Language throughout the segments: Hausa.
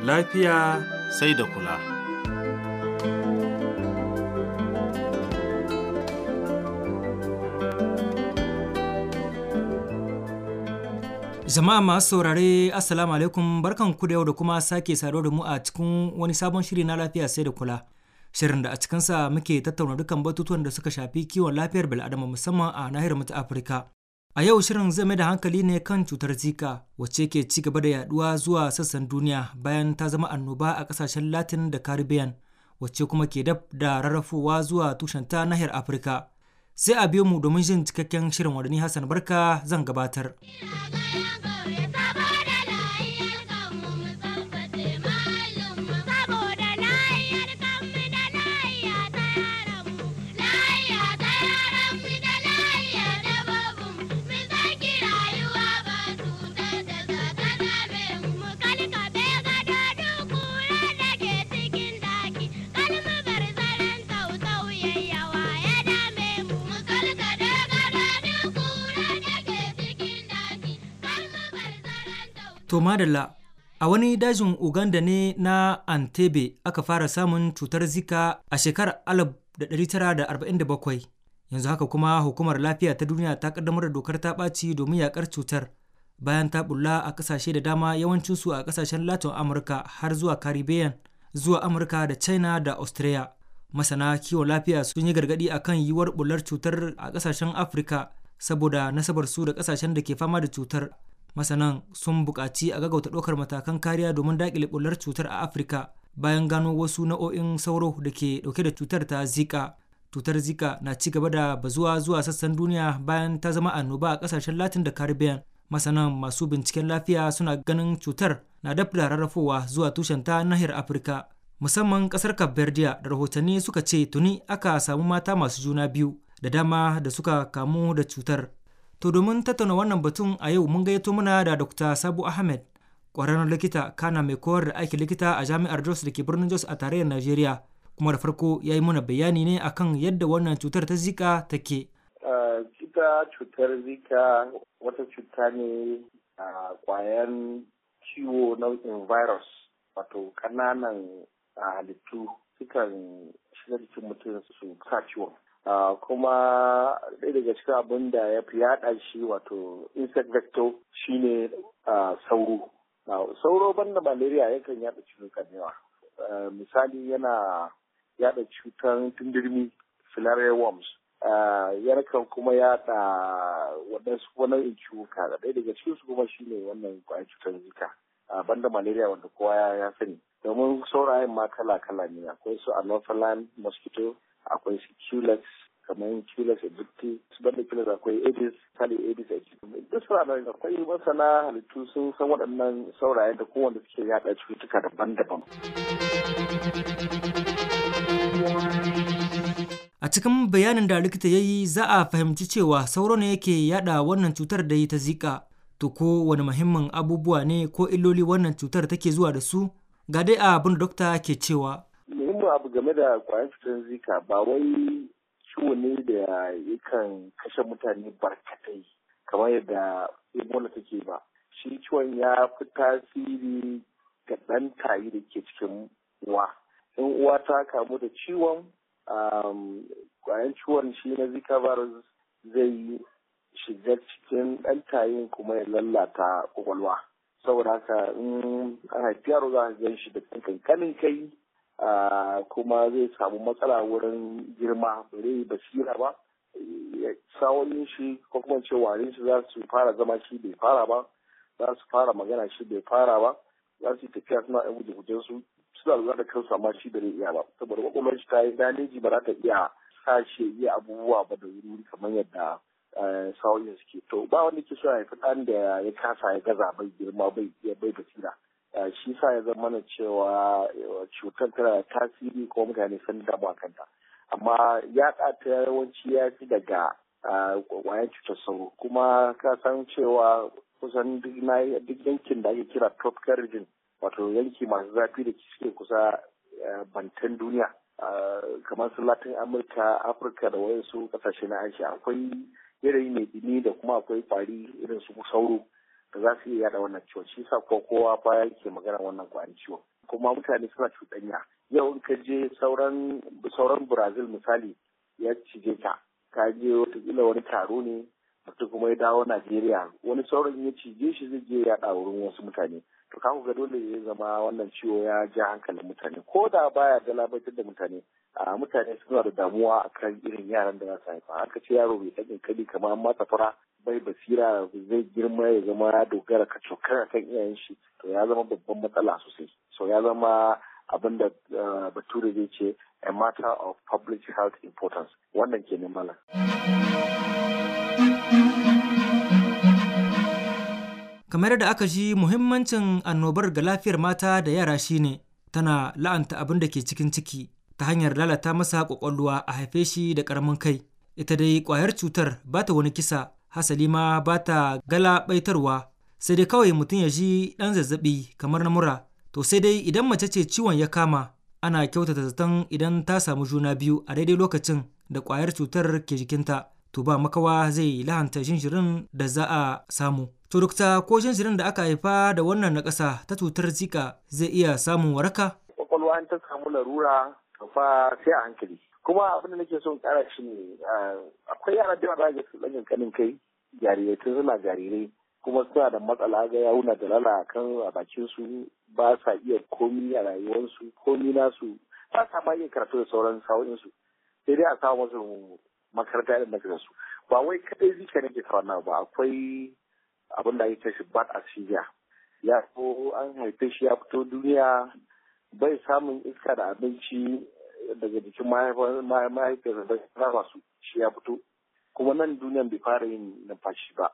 Lafiya sai da kula. Jama'a masu saurare Assalamu alaikum barkan ku da yau da kuma sake saduwa da mu a cikin wani sabon shiri na lafiya sai da kula. Shirin da a cikinsa muke tattauna dukkan batutuwan da suka shafi kiwon lafiyar bil'adama musamman a nahiyar mu ta Afirka. A yau shirin zai mai da hankali ne kan cutar Zika wacce ke ci gaba da yaduwa zuwa sassan duniya bayan ta zama annoba a kasashen Latin da Caribbean wacce kuma ke dab da rarrafowa zuwa tushenta nahiyar Afirka. Sai a biyo mu domin jin cikakken shirin wadani Hassan Barka zan gabatar. To madalla, a wani dajin Uganda ne na Antebe aka fara samun cutar zika a shekarar 1947. Yanzu haka kuma hukumar lafiya ta duniya ta kaddamar da dokar ta ɓaci domin yaƙar cutar bayan ta bulla a ƙasashe da dama yawancinsu a ƙasashen Latin Amurka har zuwa Caribbean zuwa Amurka da China da Australia. Masana kiwon lafiya sun yi gargaɗi a kan yiwuwar bular cutar a ƙasashen Afirka saboda nasabar su da ƙasashen da ke fama da cutar masanan sun buƙaci a gagauta ɗaukar matakan kariya domin daƙile ɓullar cutar a afirka bayan gano wasu nau'o'in sauro da ke ɗauke da cutar ta zika cutar zika na ci gaba da bazuwa zuwa sassan duniya bayan ta zama annoba a ƙasashen latin da caribbean masanan masu binciken lafiya suna ganin cutar na dab da rarrafowa zuwa tushen ta nahiyar afirka musamman ƙasar kabberdiya da rahotanni suka ce tuni aka samu mata masu juna biyu da dama da suka kamu da cutar To domin tattauna wannan batun a yau mun gayyato muna da Dr. Sabu Ahmed, ƙwararren likita kana mai koyar da aikin likita a Jami'ar Jos da ke birnin Jos a tarayyar Najeriya. Kuma da farko ya yi mana bayani ne akan yadda wannan cutar ta zika take. Zika cutar zika wata cuta ne a kwayan ciwo nau'in virus wato ƙananan halittu sukan shiga jikin mutum su sa ciwon. kuma ɗaya daga cikin abin da ya fi yaɗa shi wato insect vector shine sauro sauro banda malaria yakan yaɗa cikin yawa misali yana yaɗa cutar tundirmi filarial worms yarkan kuma yaɗa waɗansu wani da ɗaya daga cikinsu kuma shi ne wannan kwayar cutar zika banda malaria wanda kowa ya sani domin saurayen ma kala-kala ne akwai su anopheline mosquito akwai shi culex kamar culex egypti banda culex akwai aedes kali aedes egypti duk sauraron akwai masana halittu sun san waɗannan saurayen da kowanne suke yaɗa cututtuka daban-daban. A cikin bayanin da likita ya yi za a fahimci cewa sauro ne yake yada wannan cutar da yi ta zika. To ko wani muhimmin abubuwa ne ko illoli wannan cutar take zuwa da su? Ga dai abin da dokta ke cewa. mu abu game da kwayan cutar zika ba wai ciwo ne da yakan kashe mutane barkatai kamar yadda ebola take ba shi ciwon ya fi tasiri ga ɗan tayi da ke cikin uwa in uwa ta kamu da ciwon kwayan um, ciwon shi na zika virus zai shiga cikin ɗan tayin kuma ya lalata kwakwalwa saboda haka in ana za a gan shi da kankanin kai kuma zai samu matsala wurin girma ba sira basira ba sawonin shi ko kuma ce warin shi za su fara zama shi bai fara ba za su fara magana shi bai fara ba za su tafiya suna yan guje su suna lura da kansu amma shi bai iya ba saboda kokomar shi ta yi daneji ba za ta iya sa shi iya abubuwa ba da wuri kamar yadda eh, sawonin suke to ba wanda ke so ya fi ɗan da ya kasa ya gaza bai girma bai basira Eh, shi sa ya zama mana cewa eh, cutar tana tasiri ko mutane sun damu kanta amma ya ta yawanci ya fi daga kwayar eh, cutar sauro kuma ka san cewa kusan duk yankin da ake kira tropical region wato yanki masu zafi da suke kusa bantan duniya kamar su latin amurka afirka da wayansu kasashe na asia akwai yanayi mai dini da kuma akwai kwari irin su sauro za su iya yada wannan ciwon shi sa ko kowa baya ke magana wannan kwayar ciwon kuma mutane suna cuɗanya yau in ka je sauran sauran brazil misali ya cije ta ka je watakila wani taro ne mutum kuma ya dawo najeriya wani sauran ya cije shi zai je yaɗa wurin wasu mutane to ka ga dole ya zama wannan ciwo ya ja hankalin mutane ko da baya galabaitar da mutane a mutane suna da damuwa akan irin yaran da za su haifa aka ce yaro bai ɗan kali kamar mata fara bai basira zai girma ya zama ya dogara ka cokar kan iyayen shi to ya zama babban matsala sosai so ya zama abin da eh, bature zai ce a matter of public health importance wannan ke la. kamar da aka ji muhimmancin annobar ga lafiyar mata da yara shine tana la'anta abin da ke cikin ciki ta hanyar lalata masa kwakwalwa a haife shi da karamin kai ita dai kwayar cutar ba ta wani kisa hasali ma ba ta gala baitarwa sai dai kawai mutum ya ji ɗan zazzaɓi kamar na mura to sai dai idan mace ce ciwon ya kama ana kyautata zaton idan ta samu juna biyu a daidai lokacin da kwayar cutar ke jikinta to ba makawa zai lahanta jinjirin da za a samu to dokta ko jinjirin da aka haifa da wannan na ƙasa ta cutar zika zai iya samun waraka kwakwalwa an ta samu larura ba sai a hankali kuma abin da nake son kara shi ne eh, akwai yara da yawa da su ɗan kanin kai jarirai tun suna jarirai kuma suna da matsala ga yawuna da lala kan a bakin su ba sa iya komi a rayuwarsu komi nasu ba sa ma iya karatu da sauran sa'o'in su sai dai a samu masu makaranta da na su ba wai kadai zika nake karanta ba akwai abin da ake shi bad asiya ya ko an haife shi ya fito duniya bai samun iska da abinci daga jikin mahaifiyar da rama su shi ya fito kuma nan duniyan bai fara yin numfashi ba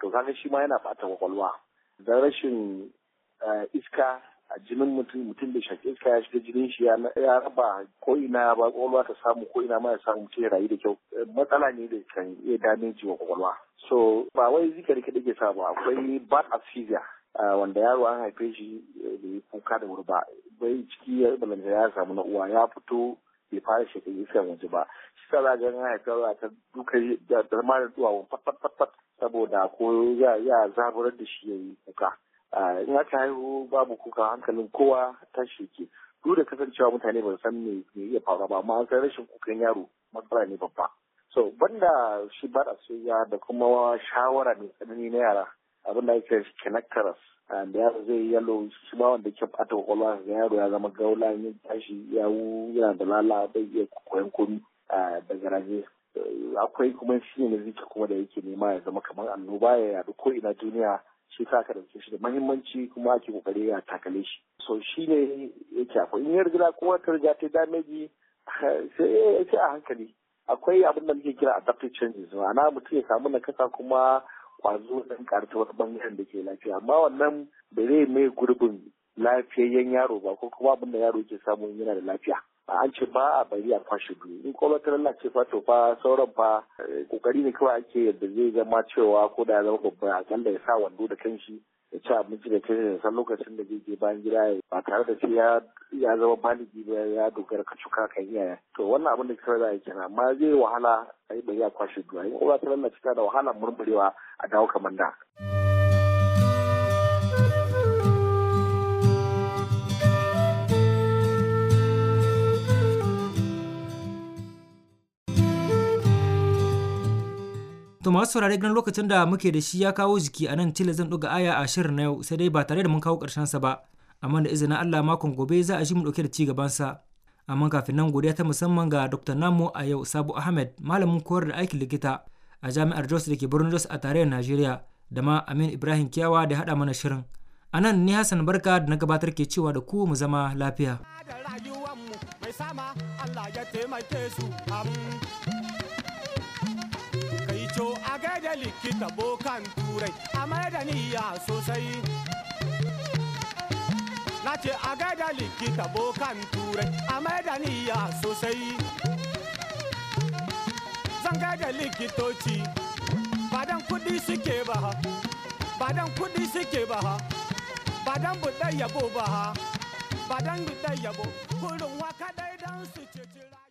to kaga shi ma yana fata kwakwalwa da rashin eh, iska a jinin mutum mutum da shaƙi iska ya shiga jinin shi ya raba ko ina ya ba kwakwalwa ta samu ko ina ma ya samu mutum ya rayu da kyau matsala ne da kan iya damin wa kwakwalwa so ba wai zikari kaɗai ke sa ba akwai bad asphyxia wanda yaro an haife shi da eh, ya kuka da wuri ba bai ciki ya balanta ya samu na uwa ya fito bai fara shekaru iska waje ba shi sa za an da ta duka da ma da zuwa fat saboda ko ya zaburar da shi ya yi kuka in ta haihu babu kuka hankalin kowa ta ke duk da kasancewa mutane ba san me iya faruwa ba amma an san rashin kukan yaro matsala ne babba so banda shi ba da soyayya da kuma shawara mai tsanani na yara abin da ake shi kinakaras and yaro zai yi yalo shi ba wanda ke bata kwakwalwa ga yaro ya zama gaula ya tashi ya wu yana da lala bai iya koyan komi da garaje akwai kuma shi ne ziki kuma da yake nema ya zama kamar annoba ya yadu ko ina duniya shi ta ka dace shi da mahimmanci kuma ake kokari ya takale shi so shi ne yake akwai in ya riga kuma ta riga ta dameji sai a hankali akwai abin da muke kira adaptive changes ma'ana mutum ya samu nakasa kuma kwazo dan karta wani bangaren da ke lafiya amma wannan da zai mai gurbin lafiyayyen yaro ba ko kuma abin da yaro ke samu yana da lafiya an ce ba a bari a kwashe biyu in kuma ta lalace fa fato fa sauran fa kokari eh, ne kawai ake yadda zai zama cewa ko da ya zama babba akalla ya sa wando da kanshi ya ci abinci da kai san lokacin da zai je bayan gida ya ba tare da sai ya zama baligi ba ya dogara ka cuka ka yi iyaye to wannan abin da kawai za a yi kenan amma zai wahala a yi bai ya kwashe duwa in uwa ta lalace da wahala murmurewa a dawo kamar da. To masu saurare ganin lokacin da muke da shi ya kawo jiki a nan tilo zan ɗuga aya a shirin na yau sai dai ba tare da mun kawo ƙarshen sa ba. Amma da izinin Allah makon gobe za a ji mu ɗauke da ci gaban sa. Amma kafin nan godiya ta musamman ga Dr. namu a yau Sabu Ahmed malamin koyar da aikin likita a Jami'ar Jos da ke birnin Jos a tarayyar Najeriya da ma Amin Ibrahim Kiyawa da haɗa mana shirin. A nan ni Hassan Barka da na gabatar ke cewa da ku mu zama lafiya. sama Allah ya taimake su. gaida likita bokan turai a mai da niyya sosai na ce a gaida likita bokan turai a mai da niyya sosai zan gaida likitoci badan kudi suke ba ha badan kudi suke ba ha badan budan ba ha badan budan yabo kurin waka dai dan su ce